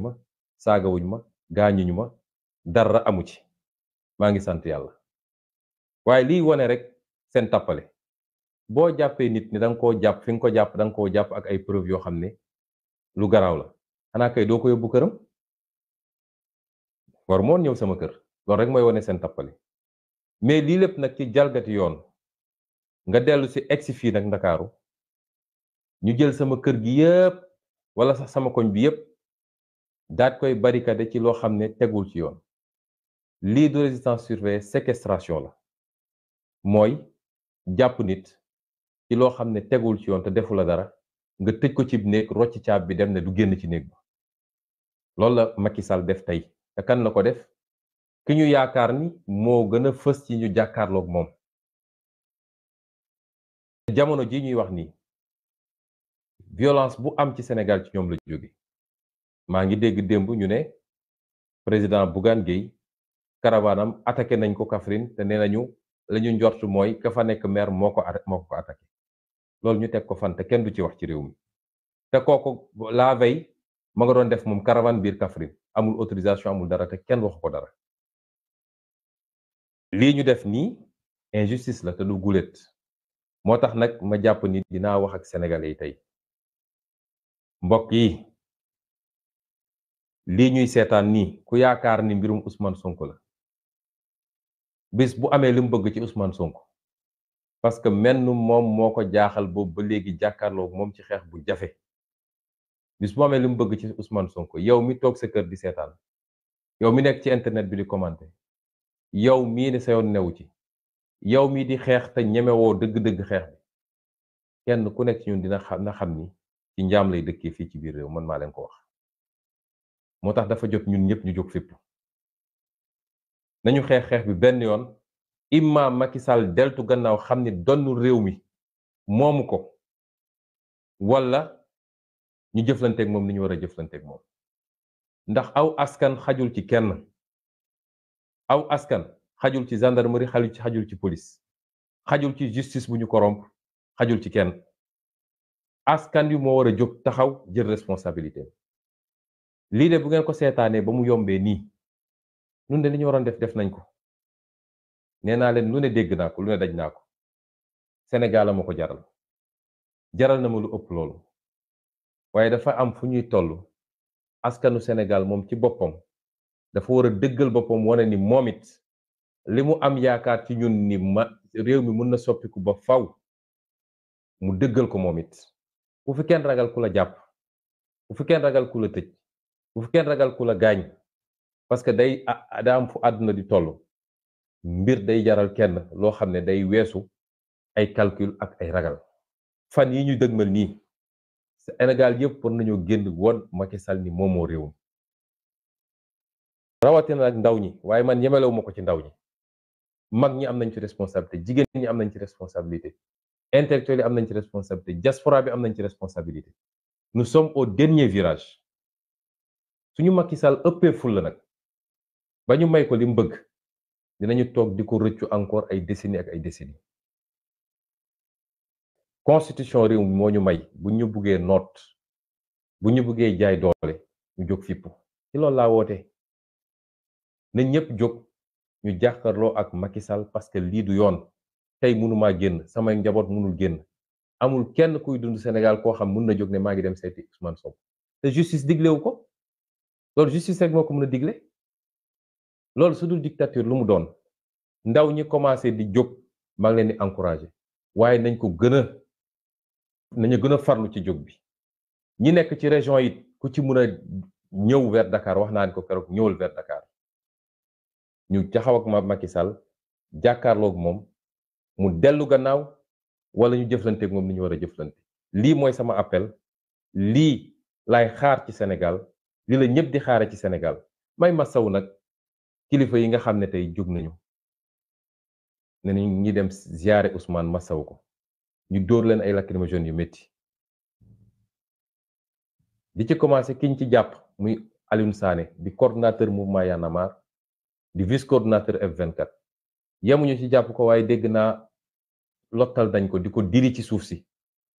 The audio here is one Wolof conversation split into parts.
ma saagawuñ ma gaañuñu ma dara amu ci maa ngi sant yàlla waaye liy wone rek seen tappale boo jàppee nit ni da nga koo jàpp fi nga ko jàpp danga nga koo jàpp ak ay preuve yoo xam ne lu garaaw la xanaa kay doo ko yóbbu këram war moo ñëw sama kër loolu rek mooy wone seen tappale mais lii lépp nag ci jalgati yoon nga dellu si egsi fii nag ndakaaru ñu jël sama kër gi yépp wala sax sama koñ bi yépp daat koy barricade ci loo xam ne tegul ci yoon lii du résistance surveillée séquestration la mooy jàpp nit ci loo xam ne tegul ci yoon te defu la dara nga tëj ko ci néeg rocc caab bi dem ne du génn ci néeg ba loolu la Macky Sall def tey te kan la ko def ki ñu yaakaar ni moo gën a fës ci ñu jàkkaarlook moom jamono ji ñuy wax nii violence bu am ci Sénégal ci ñoom la jóge maa ngi dégg démb ñu ne président Bougane Gueye karawaanam attaqué nañ ko Kaffrine te nee nañu la jort mooy ka fa nekk maire moo ko attaqué loolu ñu teg ko fan te kenn du ci wax ci réew mi te kooku la veille ma nga doon def moom caravane biir Kaffrine amul autorisation amul dara te kenn waxu ko dara lii ñu def nii injustice la te du guléet moo tax nag ma jàpp ni dinaa wax ak sénégalais yi tey mbokk yi lii ñuy seetaan nii ku yaakaar ni mbirum usman Sonko la bis bu amee li bëgg ci Ousmane Sonko parce que menn moom moo ko jaaxal boobu ba léegi jàkkaarloo moom ci xeex bu jafe bis bu amee li mu bëgg ci usman Sonko yow mi toog sa kër di seetaan yow mi nekk ci internet bi di commenter yow mii ne sa yoon newu ci yow mii di xeex te ñemewoo dëgg-dëgg xeex bi kenn ku nekk ci ñun dina xam na xam ni ci njaam lay dëkkee fii ci biir réew man maa leen ko wax moo tax dafa jot ñun ñëpp ñu jóg fipp nañu xeex xeex bi benn yoon imma Macky Sall deltu gannaaw xam ni donnu réew mi moomu ko walla ñu jëflanteeg moom ni ñu war a jëflanteeg moom ndax aw askan xajul ci kenn aw askan xajul ci gendarmerie xajul ci xajul ci police xajul ci justice buñu ñu corrompre xajul ci kenn askan yu moo war a jóg taxaw jël responsabilité lii de bu ngeen ko seetaanee ba mu yombee nii ñun de li waroon def def nañ ko nee naa leen lu ne dégg naa ko lu ne daj naa ko Sénégal ma ko jaral jaral na ma lu ëpp loolu waaye dafa am fu ñuy tollu askanu senegaal moom ci boppam dafa war a dëggal boppam wane ni moom it li mu am yaakaar ci ñun ni ma réew mi mën na soppiku ba faw mu dëggal ko moomit it bu fi kenn ragal ku la jàpp bu fi kenn ragal ku la tëj. bu fi kenn ragal ku la gaañ parce que day ah, ah, daa am fu àdduna di toll mbir day jaral kenn loo xam ne day weesu ay calcul ak ay ragal fan yi ñu dëgmal nii Sénégal yëpp war nañoo génn woon Macky sal ni moom moo réewum rawatina ak ndaw ñi waaye man yemelewu ma ko ci ndaw ñi mag ñi am nañ ci responsabilité jigéen ñi am nañ ci responsabilité intellectuel yi am nañ ci responsabilité diaspora bi am nañ ci responsabilité nous sommes au dernier virage suñu Macky Sall ëppee ful la nag bañu may ko li mu bëgg dinañu toog di ko rëccu encore ay décennies ak ay décennies constitution réew moo ñu may bu ñu buggee noot bu ñu buggee jaay doole ñu jóg fippu ci loolu laa woote na ñëpp jóg ñu jàkkaarloo ak Macky Sall parce que lii du yoon tey mënumaa génn samay njaboot mënul génn amul kenn kuy dund senegal koo xam mën na jóg ne maa ngi dem seeti Ousmane Sonko te justice diglewu ko loolu justice rek moo ko mën a digle loolu su dul dictature lu mu doon ndaw ñi commencé di jóg maa ngi leen di encouragé waaye nañ ko gën a nañu gën a farlu ci jóg bi ñi nekk ci région yi ku ci mun a ñëw vers Dakar wax naa ni ko keroog ñëwal vers Dakar ñu jaxaw ma Macky Sall jàkkaarloog moom mu dellu gannaaw wala ñu jëflanteeg moom ni ñu war a jëflante lii mooy sama appel lii lay xaar ci senegal li la ñëpp di xaare ci senegal may ma saw nag kilifa yi nga xam ne tey jóg nañu ne ñu ngi dem ziare Ousmane ma saw ko ñu dóor leen ay lacrymogènes yu metti di ci commencé kiñ ci jàpp muy Alioune Sané di coordonnateur mouvement Y'en di vice coordonnateur F24 yemuñu ci jàpp ko waaye dégg naa lottal dañ ko di ko diri ci suuf si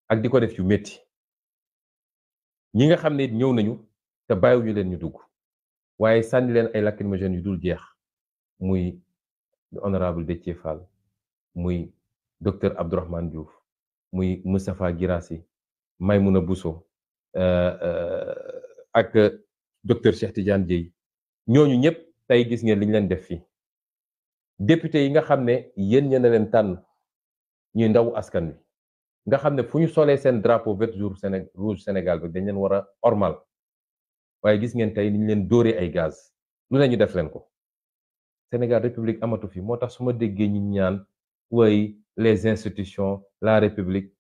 ak di ko def yu metti ñi nga xam ne ñëw nañu. te bàyyiwuñu leen ñu dugg waaye sànni leen ay lacrymogènes yu dul jeex muy honorable Déthié Fall muy docteur Abdourahmane Diouf muy mustapha Moustapha Guirassy Maymouna Bousso euh, euh, ak docteur Cheikh Tidiane Dièye ñooñu ñëpp tey gis ngeen liñ leen def fii député yi nga xam ne yéen yen ne leen tànn ñuy ndaw askan wi nga xam ne fu ñu solee seen drapeau vert jour Sénégal rouge Sénégal bi dañ leen war a ormal waaye gis ngeen tey ñu leen dóoree ay gaz lu ne ñu def leen ko Sénégal république amatu fi moo tax su ma déggee ñi ñaan way les institutions la république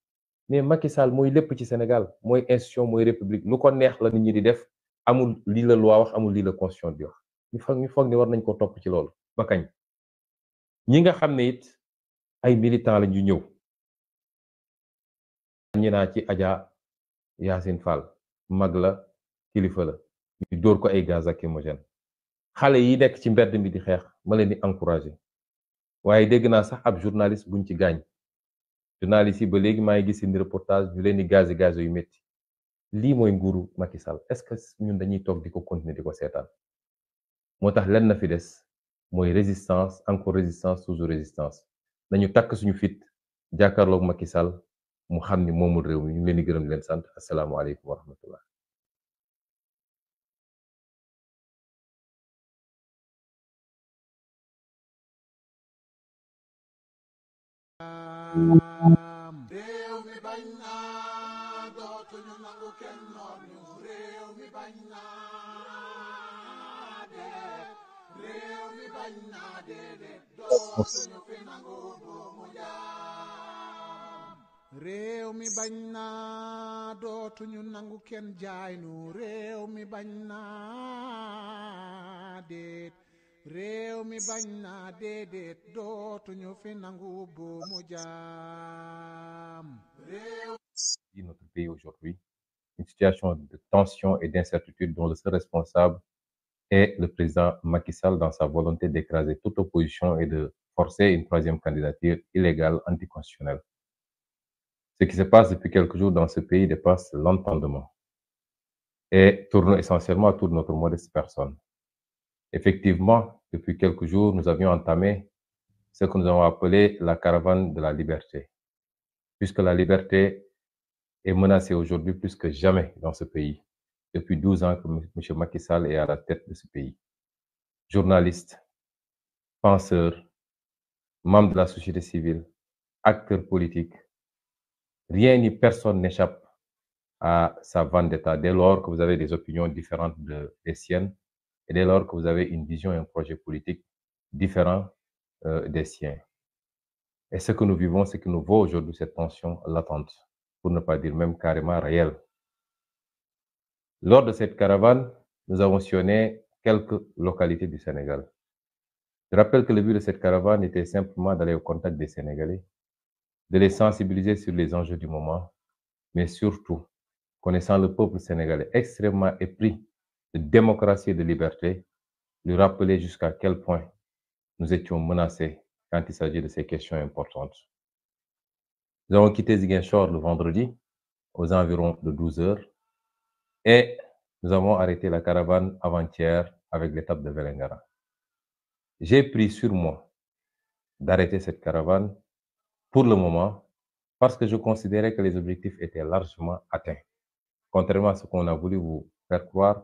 mais Macky Sall mooy lépp ci Sénégal mooy institution mooy république lu ko neex la nit ñi di def amul lii la loi wax amul lii la constitution di wax ñu foog ñu foog ni war nañ ko topp ci loolu ba kañ ñi nga xam ne it ay militants la ñu ñëw ñi naa ci Adja Yacine Fall mag la kilifa la ñu dóor ko ay gaz lacrymogène xale yi nekk ci mbedd mi di xeex ma leen di encouragé waaye dégg naa sax ab journaliste buñ ci gaañ journaliste yi ba léegi maa ngi gis seen reportage ñu leen di gazé gazé yu métti lii mooy nguuru Macky Sall est-ce que ñun dañuy toog di ko continuer di ko seetaan moo tax lenn na fi des mooy résistance encore résistance toujours résistance nañu takk suñu fit jàkkaarloog Macky Sall mu xam ni moomul réew mi ñu leen di leen san asalaamualeykum wa naam réew mi bañ na dootuñu nangu kenn noon ñu réew mi bañ na de réew mi bañ naa de dootuñu fi nangu doomu jaam réew mi bañ naa dootuñu nangu jaay nu réew mi bañ naa de réew mi bañ naa déedéet nangu buumu jaam. notre pays aujourd'hui une situation de tension et d'incertitude dont le seul responsable est le président Macky Sall dans sa volonté d'écraser toute opposition et de forcer une troisième candidature illégale anticonstitutionnelle. Ce qui se passe depuis quelques jours dans ce pays dépasse l'entendement et tourne essentiellement autour de notre modeste personne. Effectivement, depuis quelques jours, nous avions entamé ce que nous avons appelé la caravane de la liberté, puisque la liberté est menacée aujourd'hui plus que jamais dans ce pays, depuis 12 ans que M. Macky est à la tête de ce pays. Journaliste, penseur, membre de la société civile, acteur politique, rien ni personne n'échappe à sa vendetta dès lors que vous avez des opinions différentes des siennes et dès lors que vous avez une vision et un projet politique différent euh, des siens. Et ce que nous vivons, c'est que nous vaut aujourd'hui cette tension latente, pour ne pas dire même carrément réelle. Lors de cette caravane, nous avons sillonné quelques localités du Sénégal. Je rappelle que le but de cette caravane était simplement d'aller au contact des Sénégalais, de les sensibiliser sur les enjeux du moment, mais surtout, connaissant le peuple sénégalais extrêmement épris de démocratie et de liberté, lui rappeler jusqu'à quel point nous étions menacés quand il s'agit de ces questions importantes. Nous avons quitté Ziguinchor le vendredi aux environs de heures et nous avons arrêté la caravane avant-hier avec l'étape de Vélingara. J'ai pris sur moi d'arrêter cette caravane pour le moment parce que je considérais que les objectifs étaient largement atteints. Contrairement à ce qu'on a voulu vous faire croire,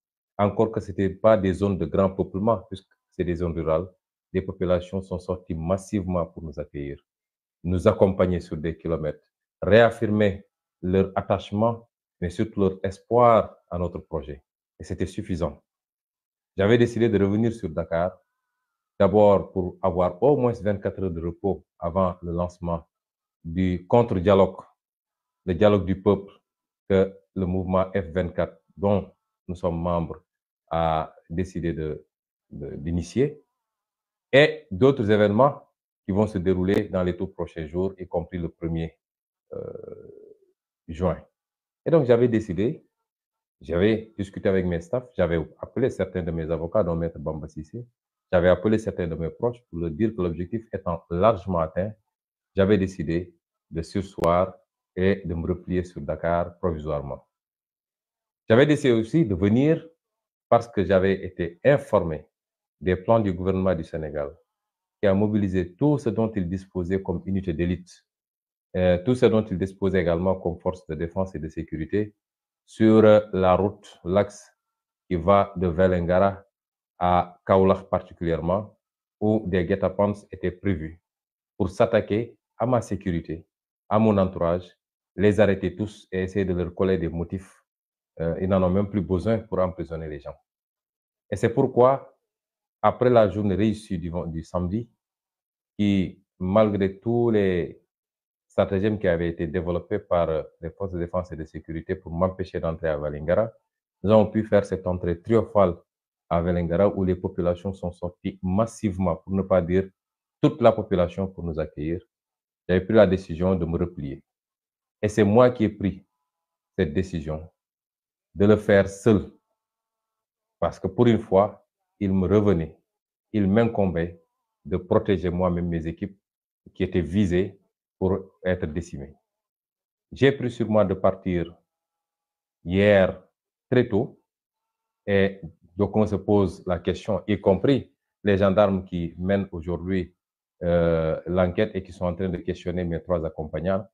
encore que ce pas des zones de grand peuplement, puisque c'est des zones rurales, les populations sont sorties massivement pour nous accueillir, nous des kilomètres, réaffirmer leur attachement, mais surtout leur espoir à notre projet. Et c'était suffisant. J'avais décidé de revenir sur Dakar, d'abord pour avoir au moins 24 heures de repos avant le lancement du contre-dialogue, le dialogue du peuple que le mouvement f nous sommes membres, a décidé d'initier, de, de, et d'autres événements qui vont se dérouler dans les tout prochains jours, y compris le 1er euh, juin. Et donc, j'avais décidé, j'avais discuté avec mes staffs, j'avais appelé certains de mes avocats, dont Maître Bamba Sissé, j'avais appelé certains de mes proches pour leur dire que l'objectif étant largement atteint, j'avais décidé de sursoir et de me replier sur Dakar provisoirement. J'avais décidé aussi de venir parce que j'avais été informé des plans du gouvernement du Sénégal qui a mobilisé tout ce dont il disposait comme unité d'élite, euh, tout ce dont il disposait également comme force de défense et de sécurité sur euh, la route, l'axe qui va de Velengara à Kaolack particulièrement, où des guet-apens étaient prévus pour s'attaquer à ma sécurité, à mon entourage, les arrêter tous et essayer de leur coller des motifs euh, ils n'en même plus besoin pour emprisonner les gens. Et c'est pourquoi, après la journée réussie du, du samedi, qui, malgré tous les stratagèmes qui avaient été développés par euh, les forces de défense et de sécurité pour m'empêcher d'entrer à Valingara, nous avons pu faire cette entrée triomphale à Velengara où les populations sont sorties massivement, pour ne pas dire toute la population pour nous accueillir, j'avais pris la décision de me replier. Et c'est moi qui ai pris cette de le faire seul. Parce que pour une fois, il me revenait, il m'incombait de protéger moi-même mes équipes qui étaient visées pour être décimées. J'ai pris sur moi de partir hier très tôt et donc on se pose la question, y compris les gendarmes qui mènent aujourd'hui euh, l'enquête et qui sont en train de questionner mes trois accompagnants,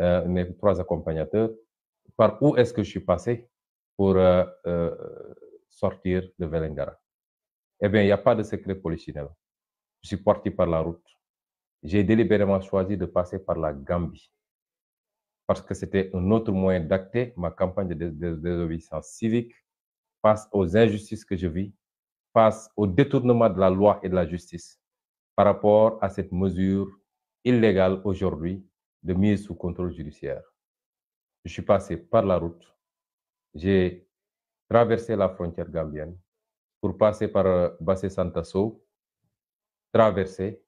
euh, mes trois accompagnateurs, par où est-ce que je suis passé pour euh, euh, sortir de Velengara. Eh bien, il n'y a pas de secret polichinelle. Je suis parti par la route. J'ai délibérément choisi de passer par la Gambie parce que c'était un autre moyen d'acter ma campagne de désobéissance civique face aux injustices que je vis, face au détournement de la loi et de la justice par rapport à cette mesure illégale aujourd'hui de mise sous contrôle judiciaire. Je suis passé par la route J'ai traversé la frontière gambienne pour passer par euh, Bassé Santasso, traverser,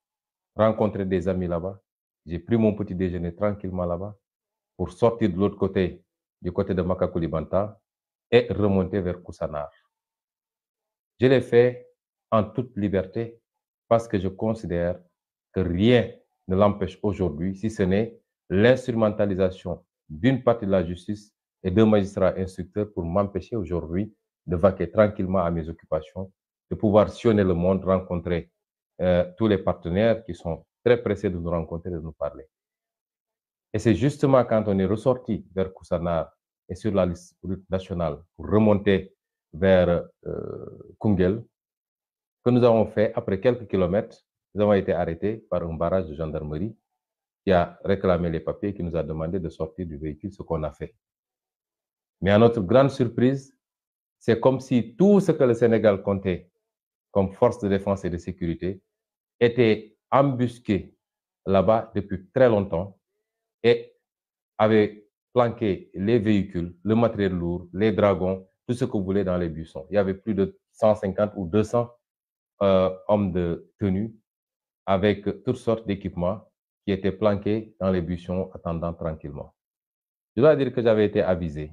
rencontrer des amis là-bas. J'ai pris mon petit déjeuner tranquillement là-bas pour sortir de l'autre côté, du côté de Makakulibanta et remonter vers Koussanar. Je l'ai fait en toute liberté parce que je considère que rien ne l'empêche aujourd'hui, si ce n'est l'instrumentalisation d'une partie de la justice et deux magistrats instructeurs pour m'empêcher aujourd'hui de vaquer tranquillement à mes occupations, de pouvoir sillonner le monde, rencontrer euh, tous les partenaires qui sont très pressés de nous rencontrer, de nous parler. Et c'est justement quand on est ressorti vers Koussanar et sur la liste nationale pour remonter vers euh, Kungel que nous avons fait, après quelques kilomètres, nous avons été arrêtés par un barrage de gendarmerie qui a réclamé les papiers, Mais à notre grande surprise, c'est comme si tout ce que le Sénégal comptait comme force de défense et de sécurité était embusqué là-bas depuis très longtemps et avait planqué les véhicules, le matériel lourd, les dragons, tout ce que vous dans les buissons. Il y avait plus de 150 ou 200 euh, hommes de tenue avec toutes sortes d'équipements qui étaient planqués dans les buissons attendant tranquillement. Je dois dire que j'avais été avisé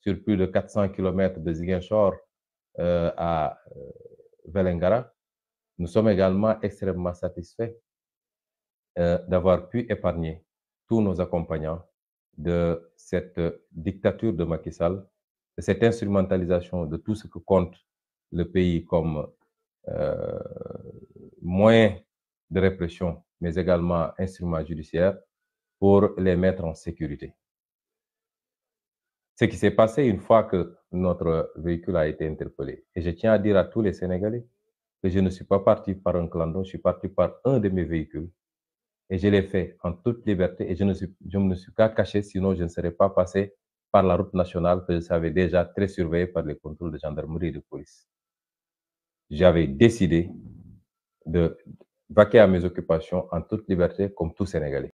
sur plus de 400 kilomètres de Ziguinchor euh, à euh, Velengara. Nous sommes également extrêmement satisfaits euh, d'avoir pu épargner tous nos accompagnants de cette dictature de Macky Sall, de cette instrumentalisation de tout ce que compte le pays comme euh, moyen de répression, mais également instruments judiciaires pour les mettre en sécurité. ce qui s'est passé une fois que notre véhicule a été interpellé. Et je tiens à dire à tous les Sénégalais que je ne suis pas parti par un clandon, je suis parti par un de mes véhicules. Et je l'ai fait en toute liberté et je ne suis, je ne me suis pas caché, sinon je ne serais pas passé par la route nationale que je savais déjà très surveillée par les contrôles de gendarmerie et de police. J'avais décidé de vaquer à mes occupations en toute liberté comme tout Sénégalais.